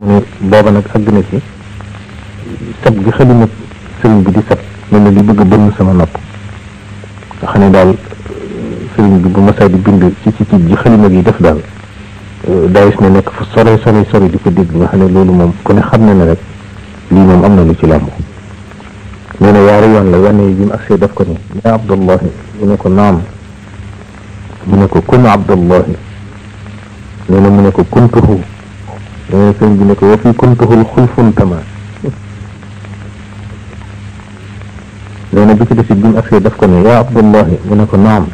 mu ne booba nag àgg na ci sab gi xalima sëriñ bi di sab mel na li bëgg a bënn sama nopp nga xam ne daal sëriñ bi bu masaa di bind ci ci ci ji xalima gi def daal daawis na nekk fu sore sore sore di ko dégg nga xam ne loolu moom ku ne xam na ne rek lii moom am na lu ci làmb nee na yaari yoon la wane bi mu agsee daf ko ni yaa abdallahi mu ne ko naam mu ne ko kun abdallahi nee na mu ne ko kuntuhu sëñ bi ne ko wa fi kuntuhul xulfun kama nee na bi ci desit bi mu agsee daf ko ne yaa abdullahi mu ne ko naam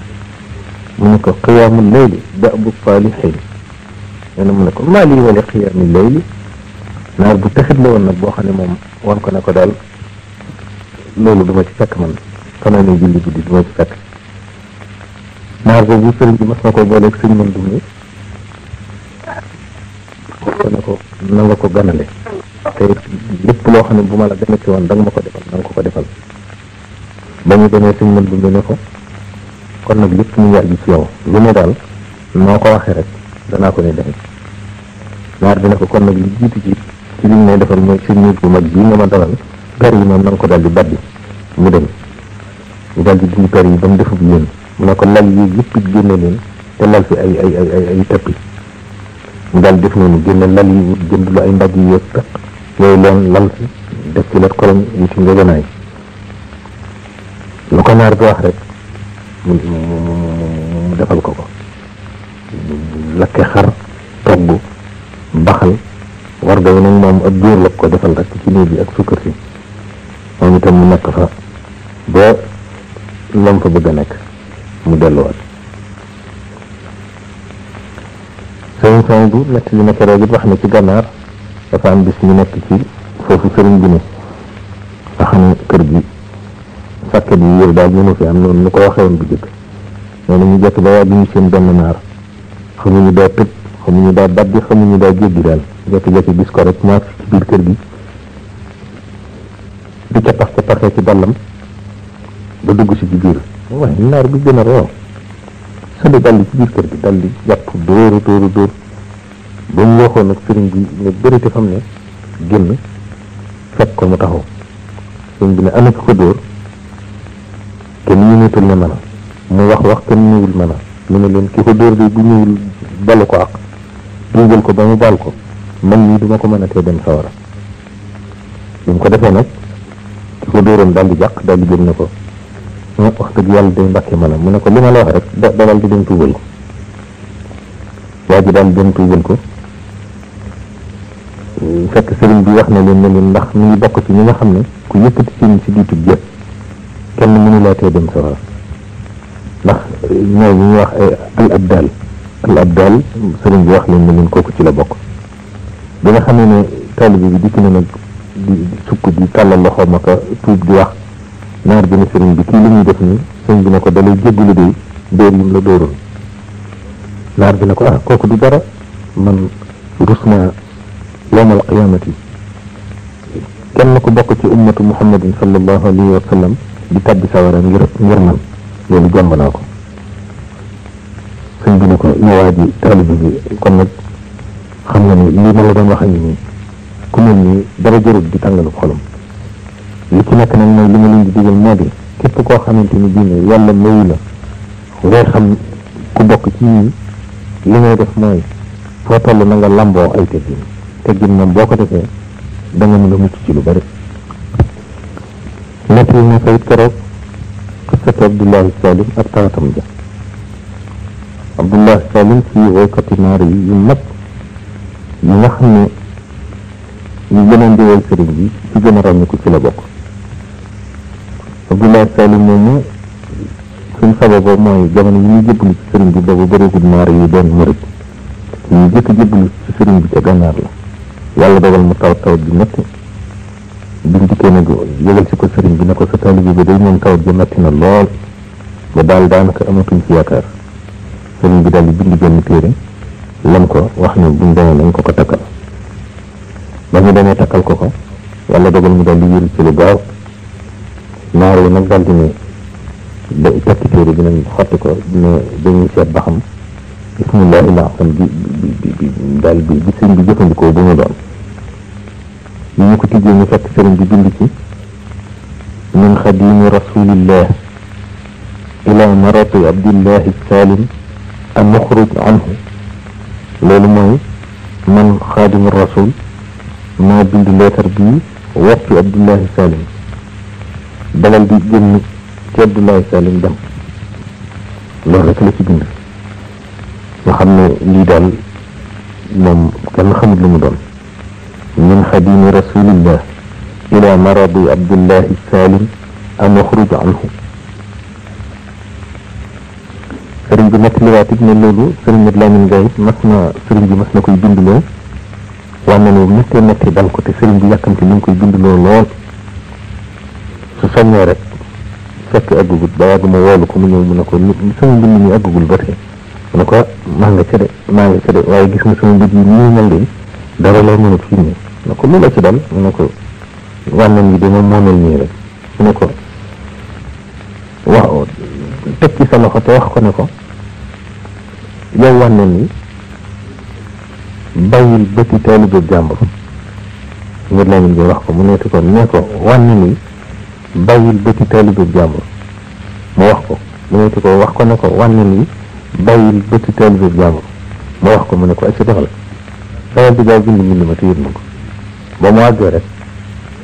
mu ne ko qiyaamu leyli da'bu saalixiin nee na mu ne ko maa lii wala qiyaamu leyli naar bu taxit la woon nag boo xam ne moom wan ko ne ko daal loolu duma ci fekk man fanaanee julli guddi duma ci fekk naar boobu sëriñ bi mas na ko booleeg sëñ man dum ni jox ko ne ko na nga ko ganale te lépp loo xam ne bu ma la demee ci woon da nga ma ko defal na ko ko defal ba ñu demee si mën bu ne ko kon nag lépp mu ngi ci yow lu ne daal noo ko waxee rek danaa ko ne demee naar bi ne ko kon nag li jiitu ci ci liñ may defal mooy suñ nit bu ma dalal per yi moom na ko dal di baddi mu dem dal di dindi per yi ba mu defub yéen mu ne ko lal yëpp génne leen te lal fi ay ay ay ay ñu daal def noonu génne lal yi jënd lu ay mbagg yooyu leen lal si def ci lat kolom yi ci ngeganaay lu ko naar bi wax rek mu mu defal ko lakke xar togg baxal war ga yi nag moom ak góor la ko defal rek ci néeg bi ak sukkar si moom itam mu nekk fa ba fa bëgg a nekk mu delluwaat sëriñ Soñ bu nekk li nekk rek wax ne ci gànnaar dafa am bis ñu nekk ci foofu sëriñ bi ne nga ne kër gi sàkket yi yër daal mënu fi am noonu ñu ko waxewoon bu jëkk nee na ñu jekk ba ñu seen benn naar daa tëj daa baddi daa jéggi daal ko rek ci biir kër gi di ca pax ca paxee ci ballam ba dugg si ci biir naar bi gën a roo sële dalli ci biir kër gi dalli jàpp dóoru dóoru dóor ba mu waxoon nag sëriñ bi ne bërite xam ne génn fekk ko mu taxaw sëriñ bi ne ana ki ko dóor kenn ñëwatul ne mën a mu wax wax kenn ñëwul mën a mu ne leen ki ko dóor de bu ñëwul balu ko ak dugal ko ba mu bal ko man lii duma ko mën a tee dem sawara bi mu ko defee nag ki ko dóoroon daldi jàq daldi jëm ne ko mu wax dëgg yàlla day mbàkke mu ne ko li ma la wax rek da dawal di dem tuubal ko waa ji daal dem tuubal ko fekk sëriñ bi wax na leen ne ndax mu ngi bokk ci ñi nga xam ne ku yëkkati seen si diitu jëpp kenn mënu laa tee dem safara ndax ñooñu ñu wax ay eh, al abdal al abdal sëriñ bi wax leen ne kooku ci la bokk bi nga xam ne ne taalibe bi dikk na nag di sukk di tàllal loxoom ak tuub di wax naar bi ne sëriñ bi kii li muy def nii sëñ bi ne ko dalay jéggalu de dóor yim la dóoroon naar bi ne ko ah kooku du dara man rus naa yowmal qiyaamati kenn ku bokk ci ummatu muhammadin sallallahu alayhi wa sallam di tabbi sawara ngir ngir man loolu jomb naa ko sëñ bi ne ko yowaa taalibi bi kon nag xam nga ni lii ma la doon wax a ngi nii ku mel nii dara jarul di tàngalu xolam li ci nekk nag mooy li ma leen di digal moo di képp koo xamante ni diine yàlla mayu la ngay xam ku bokk ci ñii li ngay def mooy foo toll na nga lamboo ay teggin teggin moom boo ko defee da nga la a mucc ci lu bari nett yi na sayit keroog xisatu yi nga xam ne ñu gënoon di woy sëriñ bi ci gën a ci la bokk Abdoulaye Sall moomu suñ sababa mooy jamono yi ñu jébbalu ci sëriñ bi boobu bëreegul naar yi doon murit yi ñu jëkk jébbalu ci sëriñ bi ca gànnaar la yàlla dogal mu taw tawat bi metti biñ dikkee nag yëgal si ko sëriñ bi ne ko sa taalibe bi day moom tawat bi metti na lool ba daal daanaka amatuñ ci yaakaar sëriñ bi daal di bind benn téere lam ko wax ne buñ demee nañ ko ko takkal ba ñu demee takkal ko ko yàlla dogal mu daal di wéru ci lu gaaw naar yi nag daldi ni da takki téere bi nañ xotti ko ne dañuy seet ba xam bismillah illa xam bi bi bi daal bi bi sëriñ bi jëfandikoo bu mu doon yi ñu ko tijjee ñu fekk sëriñ bi bind ci من خديم رسول الله إلى مرض عبد الله السالم المخرج عنه loolu mooy man xaadim rasul maa bind leetar bii wax ci abdullahi salim dalal di génn ci Abdoulaye Salim Diaw loolu rek la ci bind nga xam ne lii daal moom kenn xamul lu mu doon min xadimi rasulillah ila maradi abdullahi salim an axruj anhu sëriñ bi nettaliwaat it ne loolu sëriñ bi Lamine Gaye mas na sëriñ bi mas na koy bindloo wànne ne bu nettee nettee dal ko te sëriñ bi yàkkamte ni ngi koy bindloo lool Somewhere. Saka agugud bayadu mawala kumina umuna kullu. Musumun bin ni agugul barhe. Munuka mahanga cire mahanga cire wai gis musumun bin ni nalli. Dara la munu fini. Munuka mula cidal. Munuka wannan gidi mun monal ni rek. Munuka wa tekki sa loxo te wax ko ne ko yow wanne ni bayil bëti taalibe jàmbur ngir lamin bi wax ko mu neeti ko ne ko wanne ni bayil ba ci taalibe jàmbur mo wax ko mo ne ko wax ko ne ko wan ni bayil ba ci taalibe jàmbur mo wax ko mo ne ko ak sa defal dawal bi gaaw bind ni ma tiir nako ba mo àggee rek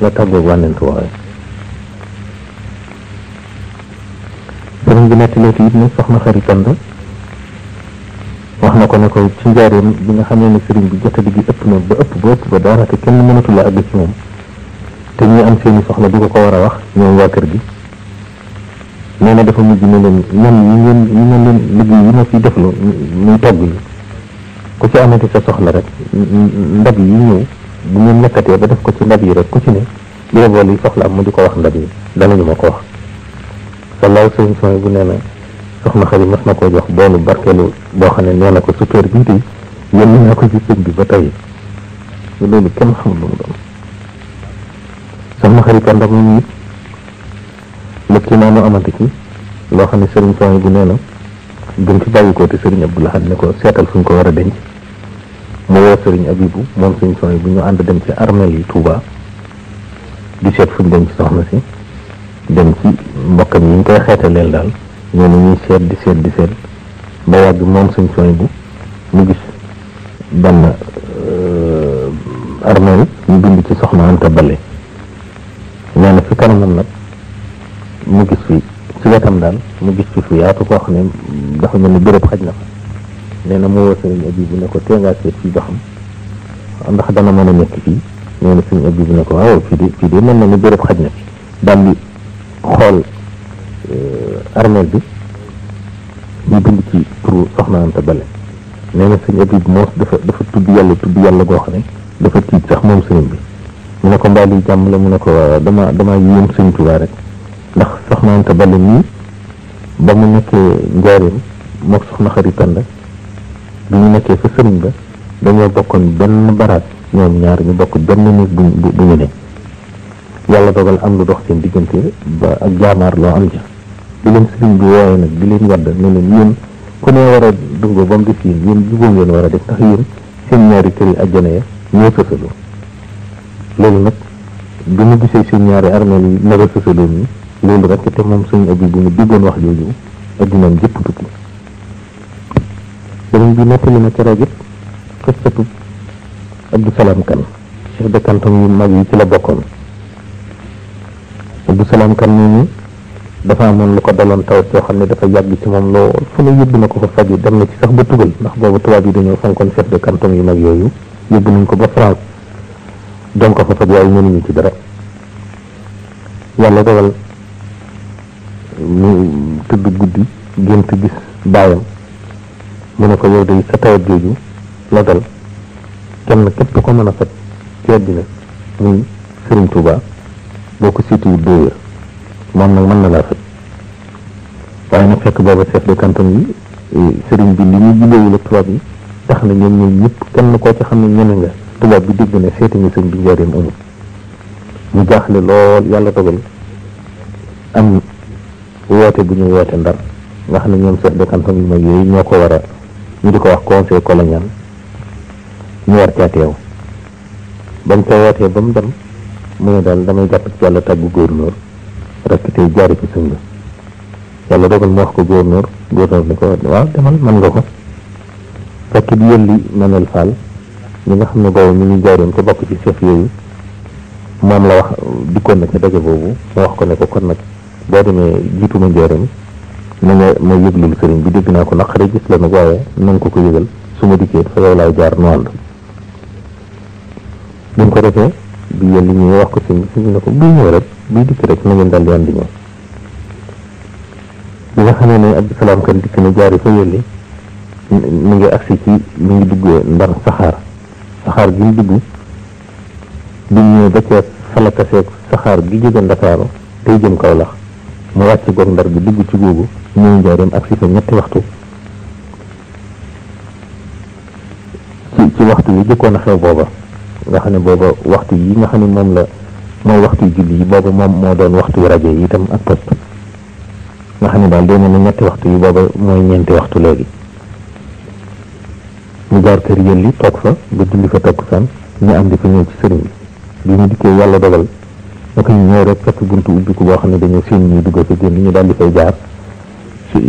la tabbo wan ni to sëriñ dañu nekk ci lati ne soxna xarit Penda wax na ko ne ko ci njaareem bi nga xamee ni serigne bi jotta bi gi ëpp na ba ëpp ba ëpp ba te kenn mënatu la ag ci mom te ñu am seeni soxla di ko ko war a wax ñoom waa kër gi nee dafa mujj ne leen ñan ñi ngeen ñi ngeen leen liggéey yi ma fi deflu muy togg yi ku ci amati sa soxla rek ndab yi ñëw bu ngeen nekkatee ba def ko ci ndab yi rek ku ci ne lii bool yi soxla am mu di ko wax ndab yi danañu ma ko wax salaaw sëñ sooy bu nee na soxna xarit mas na koo jox boolu barkeelu boo xam ne nee na ko sukkeer bii tey yónni naa ko ci sëñ bi ba tey loolu kenn xamul lu mu sama xarita ndox mi it lëkki naa lu amante loo xam ne sëriñ soxna bi nee na bu mu ci bàyyi ko te sëriñ Abdou Lahad ne ko seetal fu ñu ko war a denc mu woo sëriñ Abibu moom sëriñ soxna bu ñu ànd dem ci armeel yi Touba di seet fu ñu denc soxna si dem ci mbokkam yi ñu koy xeetaleel daal ñooñu ñuy seet di seet di seet ba yàgg moom sëriñ soxna bu mu gis benn euh, armeel ñu bind ci soxna Anta Bale nee na fi kanamam nag mu gis fi ci wetam daal mu gis fi fu yaatu koo xam ne dafa mel ni béréb xaj na fa nee na mu woo sëriñ abi bu ko tee ngaa seet fii ndax dana mën na sëriñ abi bu ne ko waaw fii de fii de mën na ni béréb xaj na fi daal di xool euh, armeel bi ñu bind ci pour soxna Anta Bale nee na sëriñ abi bu moos dafa dafa tudd yàlla tudd yàlla goo xam ne dafa tiit sax moom sëriñ bi mu ne ko mbaa li jàmm la mu ne ko dama dama yéem sëñ Tuubaa rek ndax soxna Anta Balla nii ba mu nekkee njaareem mook soxna xaritan la bi ñu nekkee fa sëriñ ba dañoo bokkoon benn baraat ñoom ñaar ñu bokk benn néeg bu bu ñu ne yàlla dogal am lu dox seen diggante ba ak jaamaar loo am ja di leen sëriñ bi wooye nag di leen wadd ne leen ku ne war a dugg ba mu def yéen yéen jubóo ngeen war a def ndax yéen seen ñaari kër yi àjjana ya ñoo sësaloo loolu nag bi mu gisee suñ ñaari armeel yi naba sësaloon yi loolu rek te moom suñu abi bu mu diggoon wax jooju addinaam jëpp tukki sëriñ bi nettali na keroog it xistatu Abdou Salam Kane chef de canton yu mag yi ci la bokkoon Abdou Salam Kane moomu dafa amoon lu ko daloon taw yoo xam ne dafa yàgg ci moom lool fu ne yóbbu na ko fa faju dem na ci sax ba tugal ndax boobu tubaab yi dañoo fonkoon chef de canton yu mag yooyu yóbbu nañ ko ba France doom ko fa faj waaye mënuñu ci dara yàlla dogal mu tëdd guddi gént gis baayam mu ne ko yow day sa tawat jooju la dal kenn képp ko mën a faj ci àddina muy Sëriñ Tuubaa boo ko siitiwut doo wér moom nag mën na laa faj waaye nag fekk booba chef de canton yi eh, sëriñ bi li ñu jubóowul ak tubaab yi tax na ñoom ñoom ñëpp kenn koo ci xam ne ñeme nga tubaab bi dégg ne seeti nga sëñ bi njaareem amul mu jaaxle lool yàlla dogal am woote bu ñuy woote ndar nga xam ne ñoom chef de canton yu mag yooyu ñoo ko war a ñu di ko wax conseil colonial ñu war caa teew bañ ca wootee ba mu dem mu ne daal damay jàpp ci yàlla tàggu gouverneur rekk tey jaari ci sëñ bi yàlla dogal mu wax ko gouverneur gouverneur ni ko waaw demal mën nga ko fekk di yëlli Manuel Fall ñi nga xam ne boobu ñu ngi jaaroon te bokk ci chef yooyu moom la wax dikkoon na ca daje boobu ma wax ko ne ko kon nag boo demee jiituma njaaram na nga ma yëglul sëriñ bi dégg naa ko naqare gis la nag waaye na nga ko ko yëgal su ma dikkee fa laay jaar noonu la mu ko defee bi yéen li ñuy wax ko sëriñ bi sëriñ ne ko buy ñëw rek buy dikk rek na ngeen daal di andi ñëw bi nga xamee ne Abdou Salaam kan dikk na jaari fa yëlli mu ngi agsi ci mu ngi duggee ndar saxaar saxaar gi mu dugg bi ñëw ba ca falakaseeg saxaar gi jóge Ndakaaru tey jëm Kawlax mu wàcc goog ndar bi dugg ci googu ñëw njaareem ak si fa ñetti waxtu ci ci waxtu yi jëkkoon a xew booba nga xam ne booba waxtu yi nga xam ne moom la mooy waxtu julli yi booba moom moo doon waxtu rajo yi itam ak post nga xam ne daal doo ne ñetti waxtu yi booba mooy ñeenti waxtu léegi ñu gaar kër yéen li toog fa ba julli fa takkusaan ñu àndi fa ñëw ci sëriñ bi bi ñu dikkee yàlla dogal ma koy ñëw rek fekk buntu ubbiku boo xam ne dañoo seen ñuy dugg fa génn ñu daal di fay jaar ci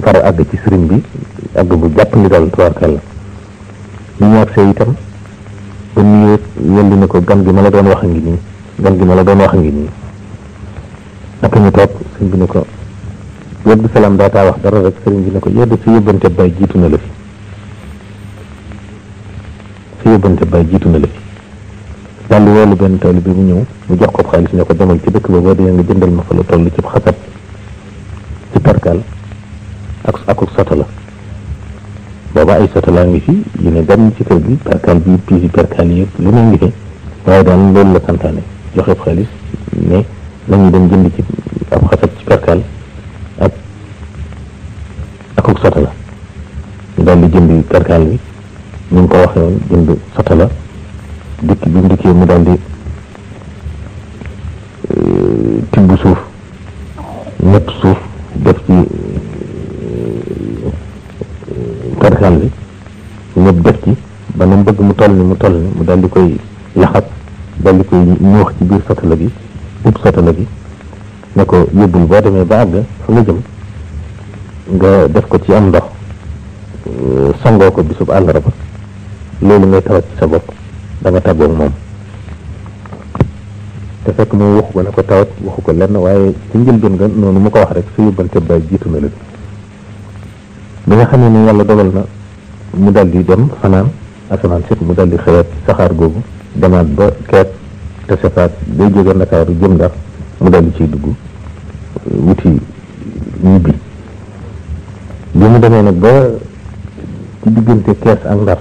far àgg ci sëriñ bi àgg bu jàpp ni daal tubaarkàlla ñu ñàkk see itam ba nuyoo yelli na ko gan gi ma la doon wax a ngi nii gan gi ma la doon wax a ngi nii naka ñu toog sëriñ bi ne ko yóbbu salaam daataa wax dara rek sëriñ bi ne ko yóbbu si yóbbante bay jiitu na la yóbbante bàyyi jiitu na la fi daal di ci dëkk ba boo dee nga jëndal ma fa la toll booba ay satala ngi fi yu ne dem ci kër gi perkaal bi piisi perkaal yi lu ne ngi fi waaye daal loolu la santaane joxe xaalis ne nañu dem jënd ci ab xasab ci perkaal ak akuk satala daal di jënd perkaal bi ni mu ko waxee woon jënd satala dikk bi mu dikkee mu daal di tibb suuf ñett suuf def ci karxal li ñëpp def ci ba na mu bëgg mu toll ni mu toll ni mu daal di koy laxas daal di koy ñoox ci biir satala bi ut satala bi ne ko yóbbul boo demee ba àgg fa nga jëm nga def ko ci am ndox sangoo ko bisub àllarba loolu ngay tawat ci sa bopp da nga moom te fekk moom waxu ko ne ko tawat waxu ko lenn waaye ci njëlbeen nga noonu mu ko wax rek su yóbbante baay jiitu na la bi nga xam na mu dal di dem fanaan asamaan set mu dal di xëyaat saxaar googu demaat ba keet te sefaat day jóge mu dal di ciy dugg euh, wuti ñibbi bi mu demee nag ba ci diggante kees ak Ndar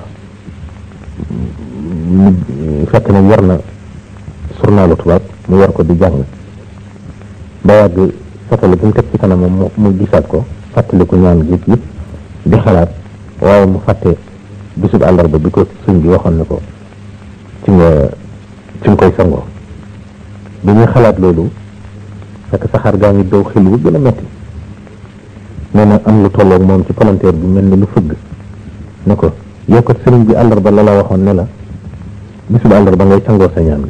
fekk na yor na journalu tubaab mu yor ko di jàng ba yàgg satali bi mu teg ci kanamam mu mu gisaat ko fàttali ko ñaan gi it di xalaat waaye mu fàtte bisub àllarba bi ko suñ bi waxoon ne ko ci nga ci nga koy sangoo bi ñuy xalaat loolu fekk saxaar gaa ngi dow xel wu gën metti nee na am lu tolloog moom ci palanteer bi mel ni lu fëgg ne ko yow sëriñ bi àllarba la la waxoon ne la bisu ba àllarba ngay sangoo sa ñaan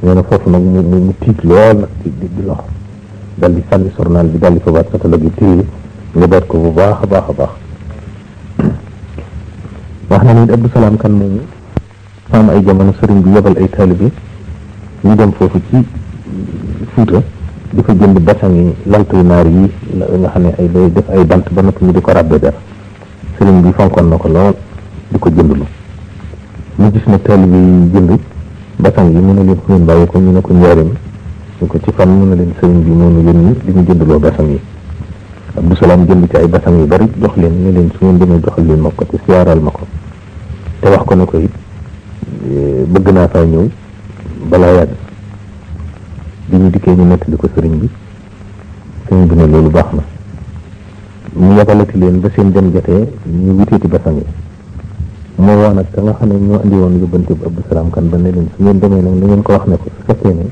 gi nee foofu nag mu mu tiit lool nag di di loxo dal di sornaal bi dal di fabaat catalogue yi téye nga baat ko bu baax a baax a baax wax na ni Abdou Salaam kan moomu am ay jamono sëriñ bi yebal ay taalibe ñu dem foofu ci Fuuta di fa jënd basang yi lant yu naar yi nga xam ne ay day def ay bant ba noppi ñu di ko ràbbee dara sëriñ bi fonkoon na ko lool di ko jëndlu mu gis ne taalibe yi jënd basang yi mu ne leen fu ngeen bàyyi ko ñu ne ko njaareem ñu ko ci fan mu na leen sëriñ bi moonu yónni di ñu jëndloo basang yi Abdou Salaam jënd ci ay basang yu bari jox leen ne leen su ngeen demee joxal leen ma ko te siyaaral ma ko te wax ko ne ko it eh, bëgg naa faa ñëw balaa yàgg bi ñu dikkee ñu nettali ko sëriñ bi sëriñ bi ne loolu baax na ñu yabalati leen ba seen dem jotee ñu wuteeti basang yi moo wax nag ka xam ne ñoo andi woon yóbbante bu Abdou Salaam kan ba ne leen su ngeen demee nag na ngeen ko wax ne ko su fekkee ne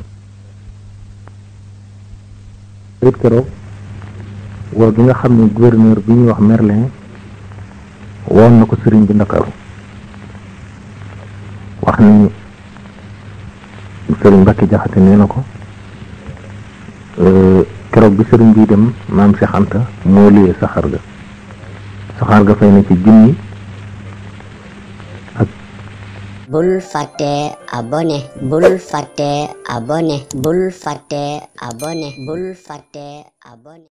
wét gi nga xam ne gouverneur bi ñuy wax Merlin woon na ko sëriñ bi Ndakaaru wax nañu sëriñ Mbacke Jaxate nee na ko euh, keroog bi sëriñ dem maam Cheikh Anta moo liyee saxaar ga saxaar ga fay na ci junni ak bul fàtte abonné bul fàtte abonné bul fàtte abonné bul